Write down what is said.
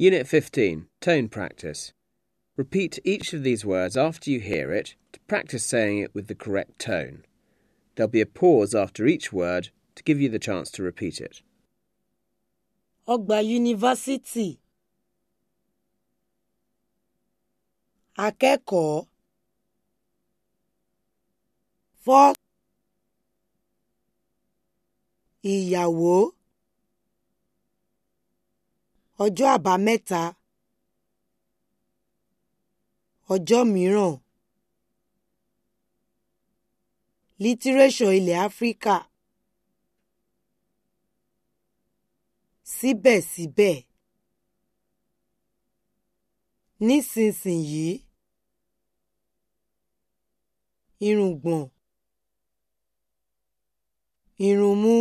Unit 15 Tone Practice. Repeat each of these words after you hear it to practice saying it with the correct tone. There'll be a pause after each word to give you the chance to repeat it. Ogba University. Akeko. Fọ́. Ìyàwó. ọjọ́ àbámẹ́ta ọjọ́ mìíràn lítírésọ̀ ilẹ̀ áfíríkà síbẹ̀síbẹ̀ nísinsìnyí irùngbọ̀n irunmú